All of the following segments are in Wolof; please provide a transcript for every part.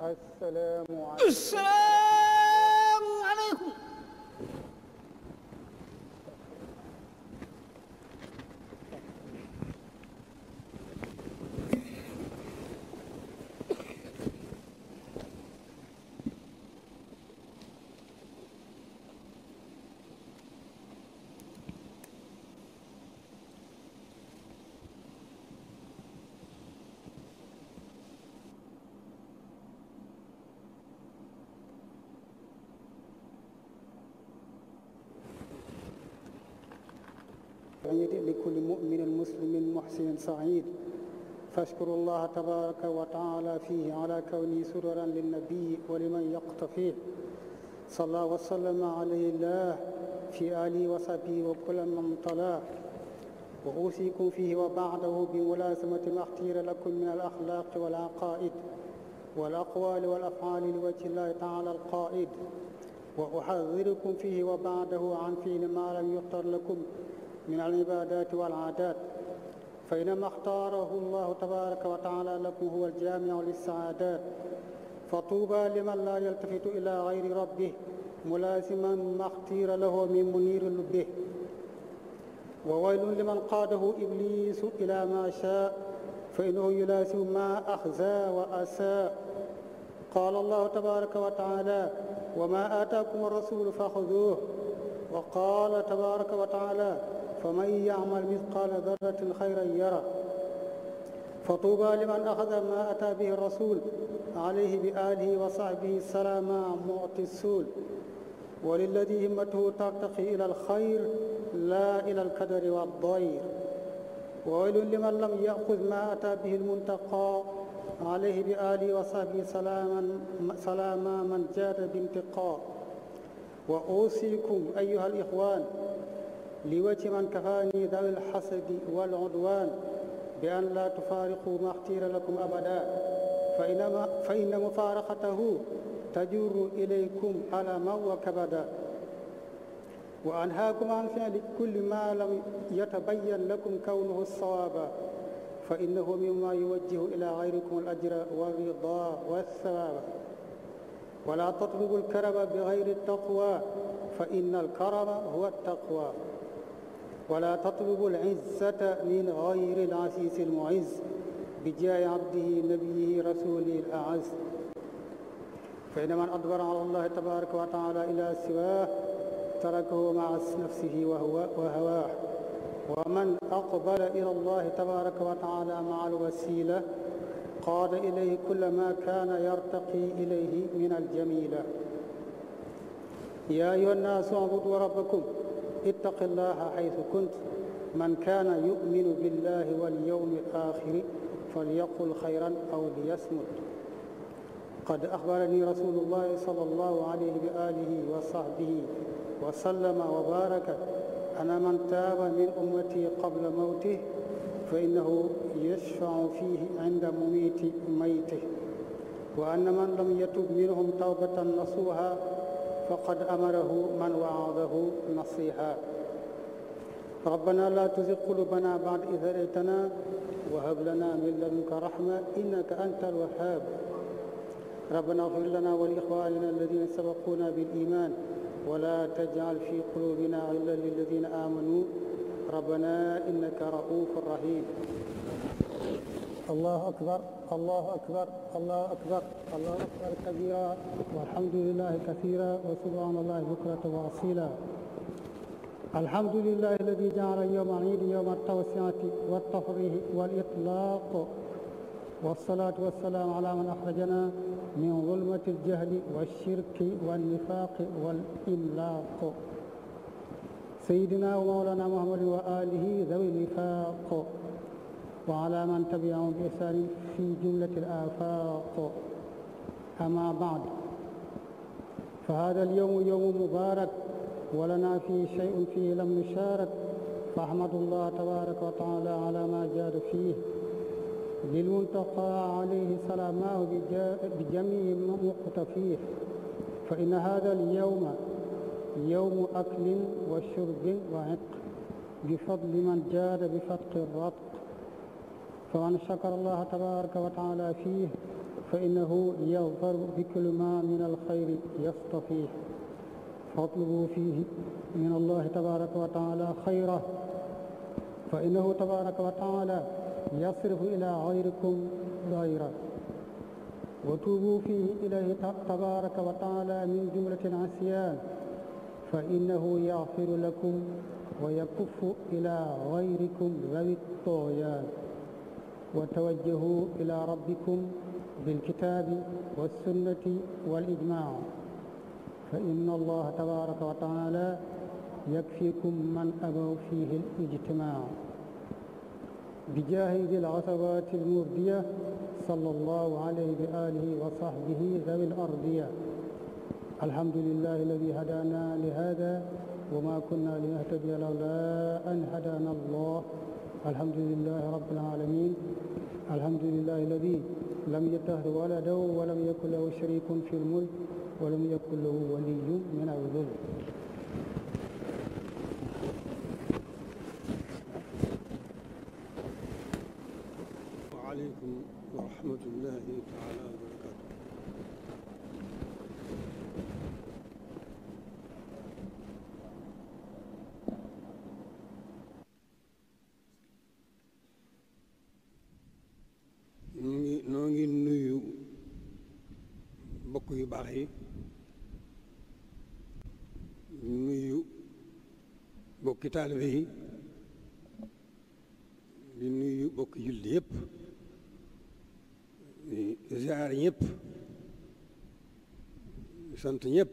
السلام عليكم سعيد لكل مؤمن مسلم محسن سعيد فاشكروا الله تبارك وتعالى فيه على كونه سررا للنبي ولمن يقتفيه صلى وسلم عليه الله في آله وصحبه وكل من طلاه وأوصيكم فيه وبعده بملازمة ما اختير لكم من الأخلاق والعقائد والأقوال والأفعال لوجه الله تعالى القائد وأحذركم فيه وبعده عن فعل ما لم يختر لكم من العبادات والعادات فإنما اختاره الله تبارك وتعالى لكم هو الجامع للسعادات فطوبى لمن لا يلتفت إلى غير ربه ملازما ما اختير له من منير لبه وويل لمن قاده إبليس إلى ما شاء فإنه يلازم ما أخزى وأساء قال الله تبارك وتعالى وما آتاكم الرسول فخذوه وقال تبارك وتعالى فمن يعمل مثقال ذرة خيرا يرى فطوبى لمن أخذ ما أتى به الرسول عليه بآله وصحبه سلاما معطي السول وللذي همته ترتقي إلى الخير لا إلى الكدر والضير وويل لمن لم يأخذ ما أتى به المنتقى عليه بآله وصحبه سلاما سلاما من جاد بانتقاء وأوصيكم أيها الإخوان لوجه من كفاني ذوي الحسد والعدوان بأن لا تفارقوا ما اختير لكم أبدا فإنما فإن مفارقته تجر إليكم ألما وكبدا وأنهاكم عن فعل كل ما لم يتبين لكم كونه الصواب فإنه مما يوجه إلى غيركم الأجر والرضا والثواب ولا تطلبوا الكرم بغير التقوى فإن الكرم هو التقوى ولا تطلبوا العزة من غير العزيز المعز بجاه عبده نبيه رسوله الأعز فإن من أدبر على الله تبارك وتعالى إلى سواه تركه مع نفسه وهو وهواه ومن أقبل إلى الله تبارك وتعالى مع الوسيلة قاد إليه كل ما كان يرتقي إليه من الجميلة يا أيها الناس اعبدوا ربكم ittaq allaha xaytu kunt man kaana yuminu billahi walyowmi alaxiri falyaqul xayran aw liyasmut qad axbarani rasulullahi sal allahu alayhi wa alihi wa sahbihi wa sallama wa baaraka ana man taaba min ummati qabla mawtih fa innahu yashfacu fihi cinda mumiiti maytih wa anna man lam yatub minhum tawbatan nasuha فقد أمره من وعظه نصيحا ربنا لا تزغ قلوبنا بعد إذ هديتنا وهب لنا من لدنك رحمة إنك أنت الوهاب ربنا اغفر لنا ولإخواننا الذين سبقونا بالإيمان ولا تجعل في قلوبنا غلا للذين آمنوا ربنا إنك رؤوف رحيم الله أكبر الله أكبر الله أكبر الله أكبر كبيرا والحمد لله كثيرا وسبحان الله بكرة وأصيلا الحمد لله الذي جعل اليوم عيد يوم التوسعة والتفريح والإطلاق والصلاة والسلام على من أخرجنا من ظلمة الجهل والشرك والنفاق والإلاق سيدنا ومولانا محمد وآله ذوي النفاق وعلى من تبعهم بإحسان في جملة الآفاق أما بعد فهذا اليوم يوم مبارك ولنا فيه شيء فيه لم نشارك فأحمد الله تبارك وتعالى على ما جاد فيه للمنتقى عليه سلاماه بجميع مقتفيه فإن هذا اليوم يوم أكل وشرب وعق بفضل من جاد بفتق الرتق فمن شكر الله تبارك وتعالى فيه فإنه يظفر بكل ما من الخير يصطفيه فاطلبوا فيه من الله تبارك وتعالى خيره فإنه تبارك وتعالى يصرف إلى غيركم غيره وتوبوا فيه إليه تبارك وتعالى من جملة العصيان فإنه يغفر لكم ويكف إلى غيركم ذوي الطغيان وتوجهوا إلى ربكم بالكتاب والسنة والإجماع فإن الله تبارك وتعالى يكفيكم من أبوا فيه الاجتماع بجاه ذي العصبات المردية صلى الله عليه بآله وصحبه ذوي الأرضية الحمد لله الذي هدانا لهذا وما كنا لنهتدي لولا أن هدانا الله الحمد لله رب العالمين الحمد لله الذي لم يتخذ ولدا ولم يكن له شريك في الملك ولم يكن له ولي من الذل وعليكم ورحمة الله تعالى وبركاته yu baax yi nuyu bokki taalibe yi di nuyu bokki julli yëpp di ziar ñëpp sant ñëpp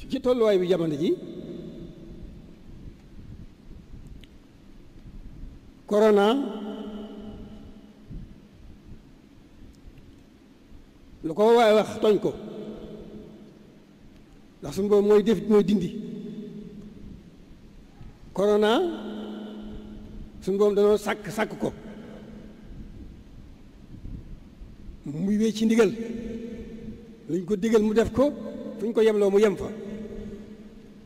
su ci tolluwaay bi jamono ji korona lu ko waaye wax tooñ ko ndax suñu boobu mooy def mooy dindi korona suñu boobu danoo sàkk sàkk ko muy wéy ci ndigal luñ ko digal mu def ko fu ñu ko yemloo mu yem fa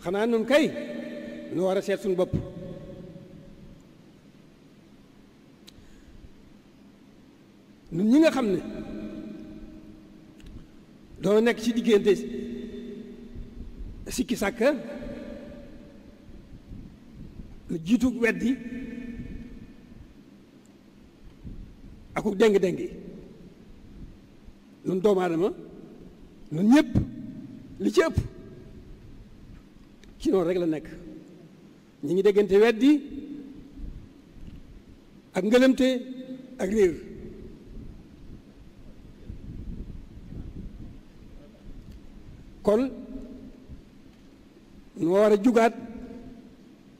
xanaa nun kay nu war a seet suñu bopp nun ñi nga xam ne doo nekk ci diggante sikki sàkka lu jiitu weddi aku déng-déng nun doomu aadama nun ñëpp li ci ëpp ci loolu rekk la nekk ñi ngi déggante weddi ak ngëlëmte ak réer kon nu war a jugaat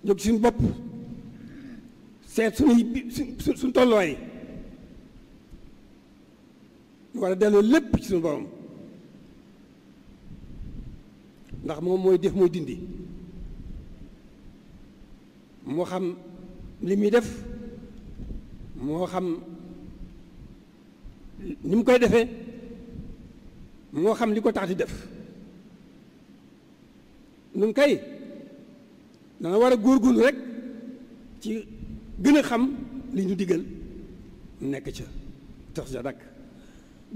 jóg suñu bopp seet suñuy suñu tolluwaay nu war a delloo lépp ci suñu borom ndax moom mooy def mooy dindi moo xam li muy def moo xam ni mu koy defee moo xam li ko tax di def nun kay dana war a góor góorgóorlu rek ci gën a xam li ñu digal nekk ca tax ja dakk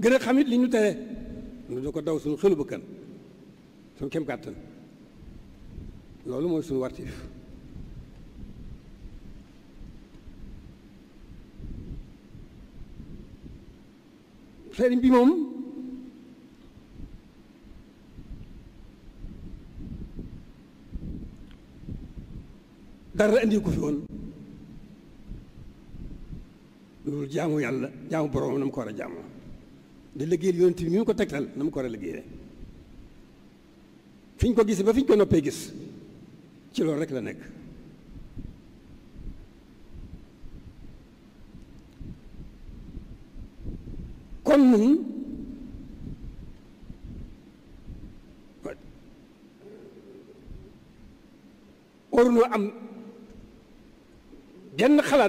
gën a xam it li ñu tere nu du ko daw suñu xelu bëkkan suñu kem kàttan loolu mooy suñu wartiif sëriñ bi moom dara indi ko fi woon loolu jaamu yàlla jaamu boroomam na mu ko war a jaamoo di liggéeyal yonent bi mi mu ko tegtal na mu ko war a liggéeyee fi ñu ko gisee ba fi ñu ko noppee gis ci loolu rek la nekk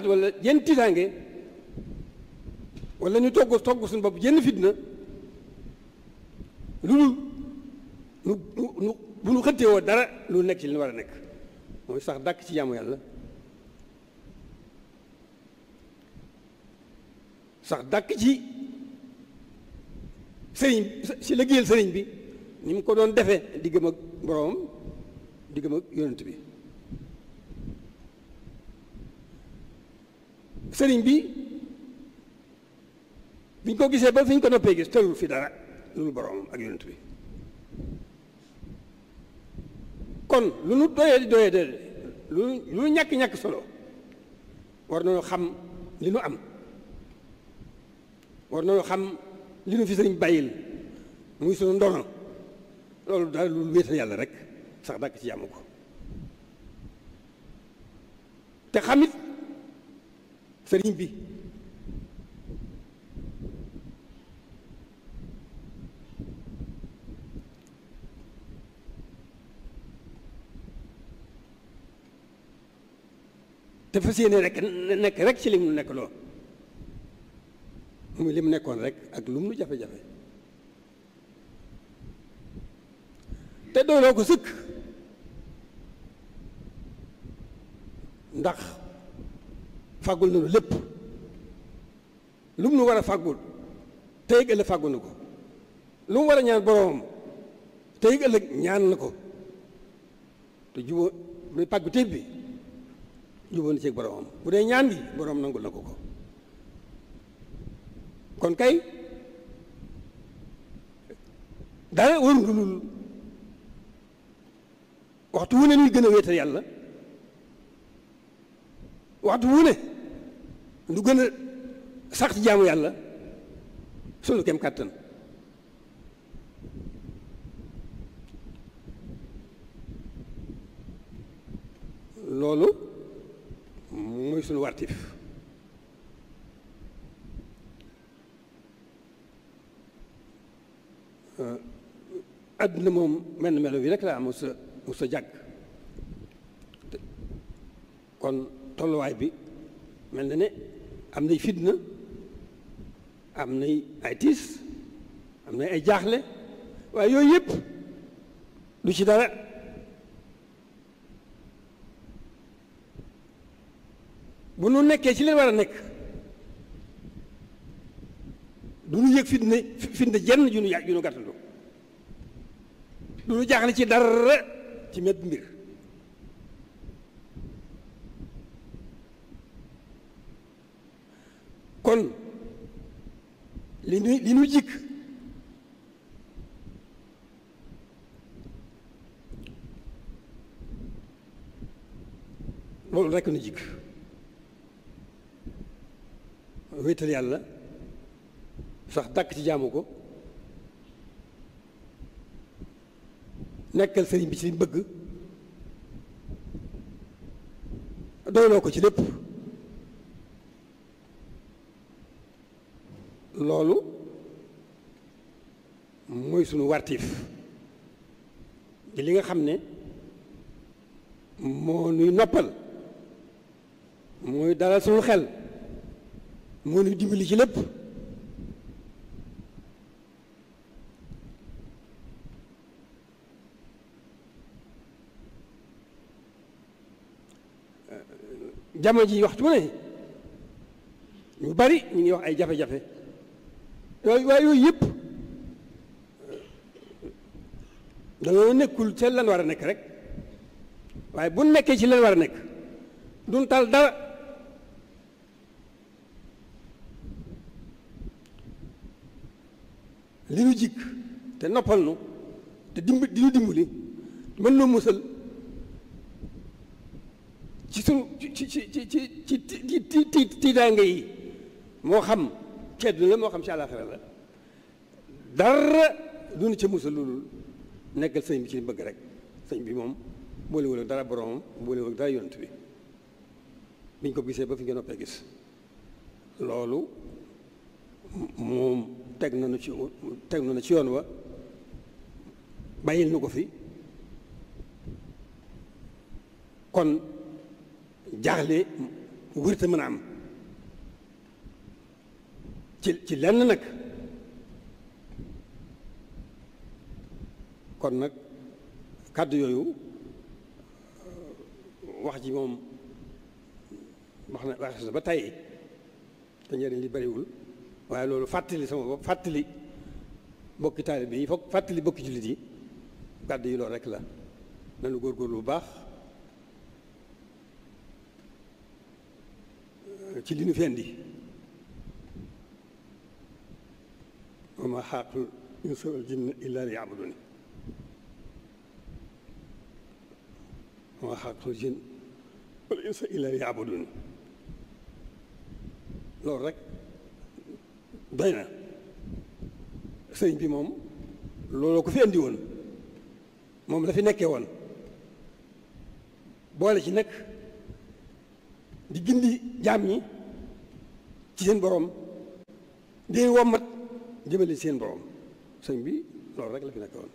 tiitaat wala yenn tiitaange wala ñu togg togg suñu bopp yenn fitna lu nu nu bu nu xëttee woo dara lu nekk ci li war a nekk mooy sax dàkk ci jaamu yàlla sax dàkk ci sëriñ si liggéeyal sëriñ bi ni mu ko doon defee diggam ak boroomam diggam ak yonent bi sëriñ bi biñ ko gisee ba fi ñu ko noppee gis tërul fi dara lu boroomam ak yonent bi kon lu nu doyee di doyee de lu lu ñàkk-ñàkk solo war nañu xam li nu am war nañu xam li nu fi sëriñ bàyyil muy sunu ndono loolu daal lu wéetal yàlla rek sax dàkk ci yàmm ko te xamit sëriñ bi te fas yéene rek nekk rek ci li nu nekk loo muy lim nekkoon rekk ak lum nu jafe-jafe te doyloo ko sëkk ndax fàggul nañu lépp lu mu nu war a fàggul tey ëllëg fàggul ko lu mu war a ñaan boroomam tey ëllëg ñaan na ko te jubóo muy pàgg bi téeb bi jubóo na ci boroomam bu dee ñaan bi boroom nangul na ko ko kon kay dara warul waxtu wu ne ñuy gën a wéetal yàlla waxtu wu ne lu gën a sax ci jaamu yàlla sunu kem kàttan loolu mooy sunu wartif ah, àdduna moom mel na melo bi rek laa mos a mos a jàgg kon tolluwaay bi mel na ne am nay fitna am nay ay tiis am nay ay jaaxle waaye yooyu yëpp du ci dara bu nu nekkee ci leen war a nekk du nu yëg fitna fitna jenn ju nu yaa ju nu gàttandu du nu jaaxle ci dara ci met mbir kon li nu li nu jikk loolu rekk nu jikk wéetal yàlla sax dàkk ci jaamu ko nekkal sëriñ bi ci bëgg doyloo ko ci lépp mooy sunu wartiif di li nga xam ne moo nuy noppal mooy dalal sunu xel moo nuy dimbali ci lépp jamono ji waxtu ne ñu bari ñu ngi wax ay jafe-jafe waaye yooyu yëpp dañoo nekkul ca lan war a nekk rek waaye bu nekkee ci leen war a nekk duñ tal dara li nu jikk te noppal nu te dimb di nu dimbali mën noo musal ci sunu ci ci ci ci ci ci tiitaange yi moo xam ci àdduna la moo xam ci àllaaxira la dara duñu ca musal loolu nekkal sëñ bi ci bëgg rek sëñ bi moom boolewul ak dara boromam boolewul ak dara yonent bi biñ ko gisee ba fi ñu noppee gis loolu moom teg nañu ci teg nañu ci yoon wa bàyyil na ko fi kon jaaxle wërta mën a am ci ci lenn nag kon nag kàddu yooyu euh, wax ji moom wax na wax na ba tey te njëriñ li bariwul waaye loolu fàttali sama bopp fàttali bokki taalib yi foog fàttali bokki jullit yi kàddu yi loolu rek la nanu góorgóorlu lu baax euh, ci li nu fi indi wa ma xaaqul insa wal jinna illa li yaabuduni وما خلقت الجن والإنس إلا ليعبدون loolu rek doy na sëñ bi moom looloo ko fi andi woon moom la fi nekkee woon boole ci nag di gindi jaam ñi ci seen boroom di wommat jëmale ci seen borom sëñ bi loolu rek la fi nekkee woon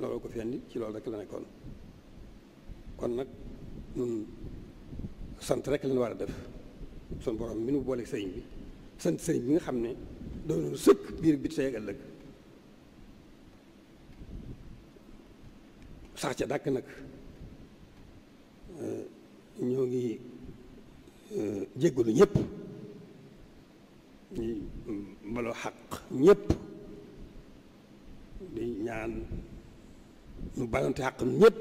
looloo ko fi andi ci loolu rek la nekkoon. kon nag ñun sant rek lañ war a def sun borom mi nu boole sëriñ bi sant sëriñ bi nga xam ne doon sëkk biir bi tey ak ëllëg sax ca dàkk nag euh, ñoo ngi euh, jéggalu ñëpp ñi mbaloo xaq ñépp di ñaan ñu balonte xaq ñëpp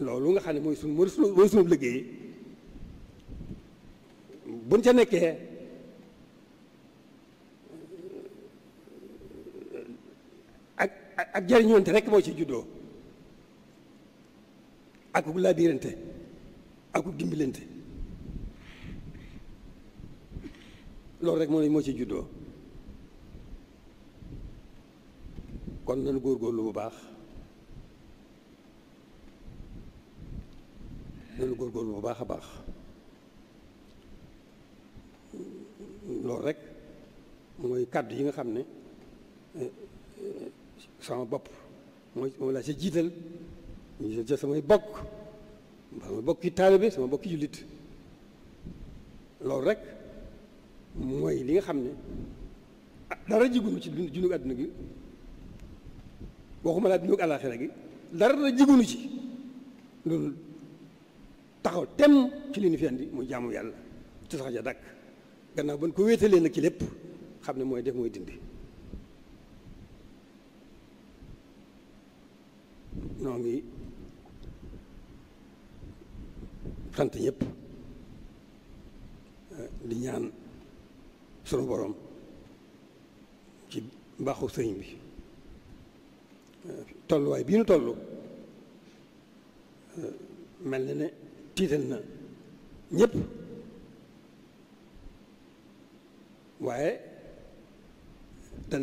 loolu nga xam ne mooy sunu mooy sunu liggéey buñ ca nekkee ak ak jariñoonte rek moo ci juddoo ak ku laabirante ak ku dimbalante loolu rek moo moo ci juddoo kon nañu góorgóorlu bu baax loolu góorgóorlu bu baax a baax loolu rek mooy kàddu yi nga xam ne eh, sama bopp mooy moom laa si jiital ñu jël samay bokk sama bokki sama sama bokki jullit loolu rek mooy li nga xam ne ah, dara jigunu ci junug àdduna gi waxuma laa junug àllaaxira gi dara jigunu ci loolu taxaw tem ci li ñu fi andi muy jaamu yàlla te sax ja dàkk gannaaw ba ñu ko wéetalee nag ci lépp xam ne mooy def mooy dindi noo ngi sant ñëpp eh, di ñaan sunu borom ci mbaaxu sëriñ bi eh, tolluwaay bii nu toll eh, mel ne tiital na ñépp waaye dan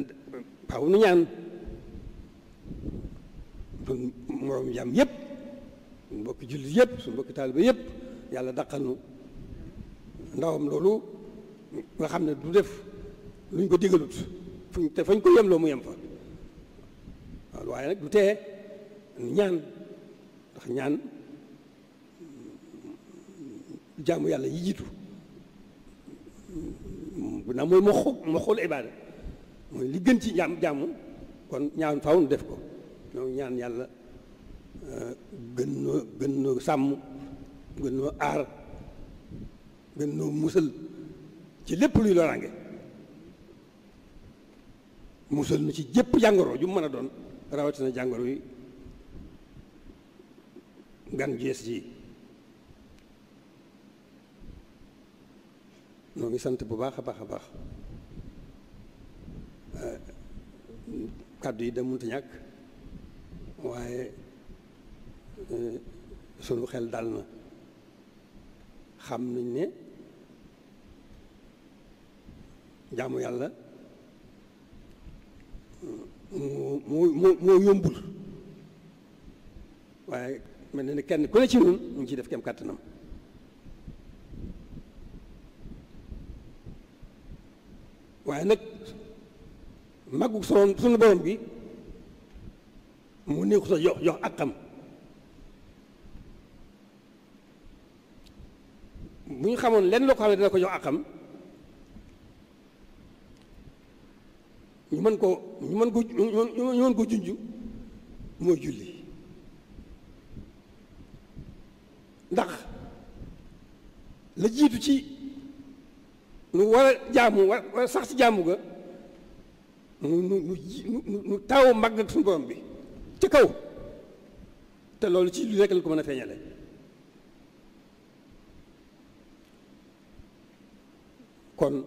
faaw nu ñaan suñ moroom yépp suñ mbokki jullit yépp suñ mbokki taaliba yépp yàlla daqal nu ndawam loolu nga xam ne du def luñ ko digalut fuñ te fañ ko yem loo mu yem fa waaw waaye nag du tee ñaan ndax ñaan jàmm yàlla yi jiitu bu mm, mooy ma xo ma xool mooy li gën ci jaam jaamu kon ñaan faaw nu def ko ñoom ñaan yàlla eh, gën noo gën noo sàmm gën noo aar gën noo musal ci lépp luy loraange musal nu ci jépp jàngoro ju mën a doon rawatina jàngoro yi gan jees ji noo ngi sant bu baax a baax a baax kàddu yi da mënta ñàkk waaye eh, sunu xel dal na xam nañ ne jaamu yàlla moo moo moo yombul waaye mel na ne kenn ku ne ci ñun mu ngi ciy def kem kàttanam waaye nag màggu sama sunu borom gi mu néew ko sax jox jox ak xam bu ñu xamoon lenn loo ko xam ne dana ko jox ak xam ñu mën ko ñu mën ko ñu mën ko junj mooy julli ndax la jiitu ci nu war a jaamu war sax ci jaamu ga nu nu nu nu taawu màgg ak bi ci kaw te loolu ci lu rekk la ko mën a feeñale kon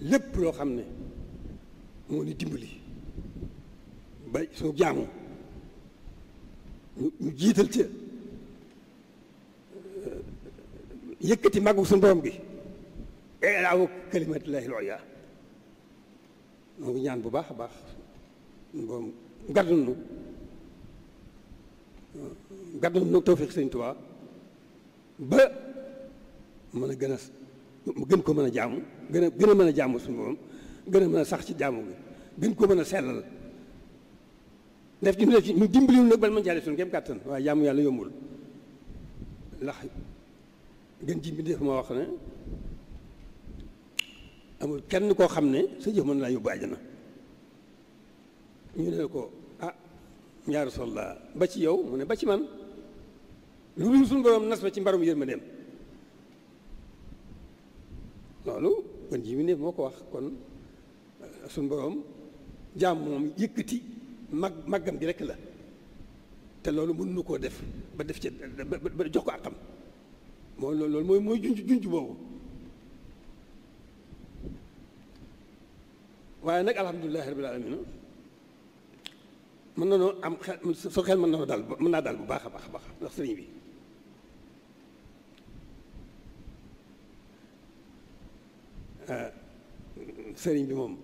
lépp loo xam ne moo ni dimbali ba suñu jaamu ñu jiital ca yëkkati màggu su borom bi ilaawu kalimatillahi al-ulya moo ngi ñaan bu baax a baax boom gàddul nu gàddul nu tawfiq sëñ Tuubaa ba mën a gën a gën ko mën a jaamu gën a gën a mën a jaamu suñu moom gën a mën a sax ci jaamu gi gën ko mën a sellal def ci nu def ci nu dimbaliwul nag ban mën jaale suñu kéem kàttan waaye jaamu yàlla yombul ndax gën ji bi def moo wax ne amul kenn koo xam ne sa jëf mën laa yóbbu àjjana ñu ne ko ah yaa Rasulallah ba ci yow mu ne ba ci man lu dul suñu borom nas ma ci mbarum yërmandeem loolu kon ji mu ne moo ko wax kon euh, suñu borom jaam moom yëkkati mag màggam gi rekk la te loolu mën nu koo def ba def ci ba jox ko àqam moo loolu mooy mooy junj junj boobu waaye nag alhamdulilahi rabil alamina mën na noo am xel su xel mën na noo daal mën naa daal bu baax a baax a baax ndax sëriñ bi ah, sëriñ bi moom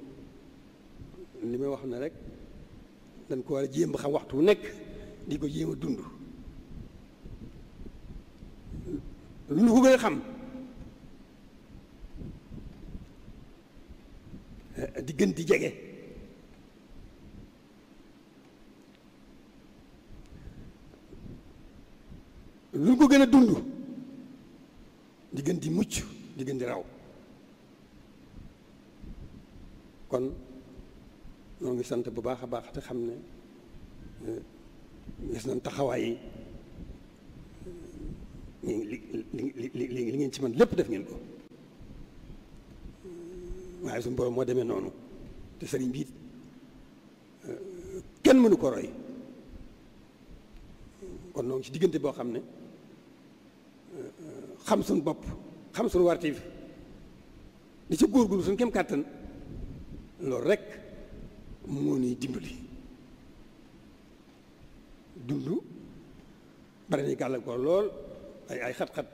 ni may wax ne rek dañ ko war a jéem ba xam waxtu bu nekk di ko jéem a dund lu ñu ko gën a xam gën di jege lu ko gën a dund di gën di mucc di gën di raw kon ñoo ngi sant bu baax a baax te xam ne eh, gis nañ taxawaay yi li li li ngeen ci man lépp def ngeen ko waaye suñu borom moo demee noonu te sëriñ bi euh, kenn mënu ko roy kon noo ci diggante boo xam ne euh, xam suñ bopp xam suñ wartif di ci góorgóorlu suñ kem kàttan loolu rek moo nuy dimbali dund bari nañu gàllankoor lool ay ay xat-xat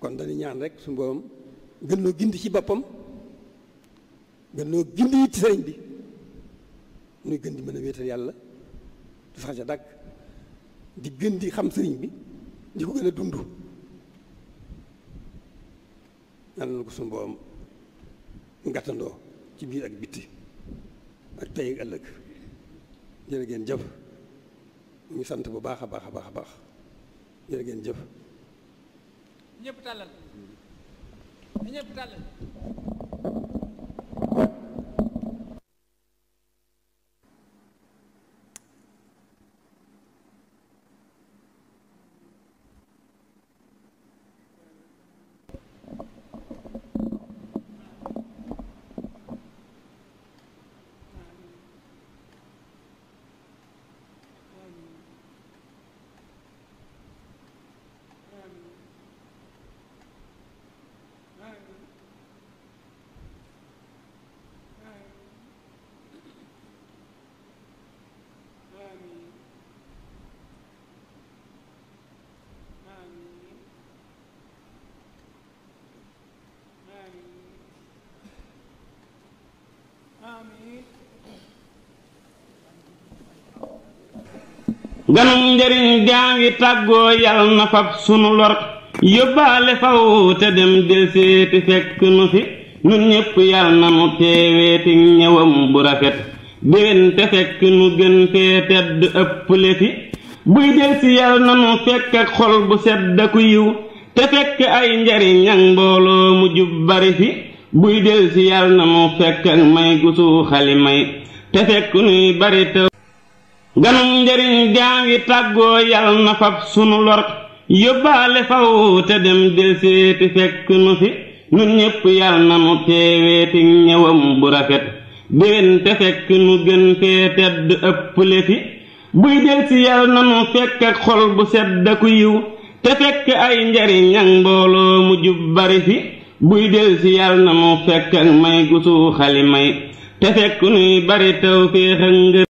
kon dañu ñaan rek su borom gën noo gindi ci boppam gën noo gindi it ci sëriñ bi nuy gën di mën a wéetal yàlla du sax ca dàkk di gën di xam sëriñ bi di ko gën a dund yàlla na ko suñu ngàttandoo ci biir ak bitti ak tey ak ëllëg jërë ngeen jëf ñu sant bu baax a baax a baax a baax jërë ngeen jëf ñëpp tàllal ñëpp tàllal ganum njëriñ gaa ngi tàggoo yal na fab sunu lor yóbbaale faw te dem del seeti fekk nu fi nun ñépp yal na nu teeweeti ñëwam bu rafet déwén te fekk nu gën fee tedd ëpple fi buy del si yal na nu fekk ak xol bu sedd ku yiw te fekk ay njariñ ak mbooloo mu jub bari fi buy del si yal na nu fekk ak may gusu xali may te fekk nuy bari taw ganum njariñ gaa ngi tàggoo yal na fab sunu lor yóbbaale faw te dem del seeti fekk nu fi nun ñépp yal na nu teeweeti ñëwam bu rafet déwén te fekk nu gën fee tedd ëpple fi buy del si yal na nu fekk ak xol bu sedd ku yiw te fekk ay njariñ ak mbooloo mu jub bari fi buy del si yal na nu fekk ak may gusu xali may te fekk nuy bari taw féex ak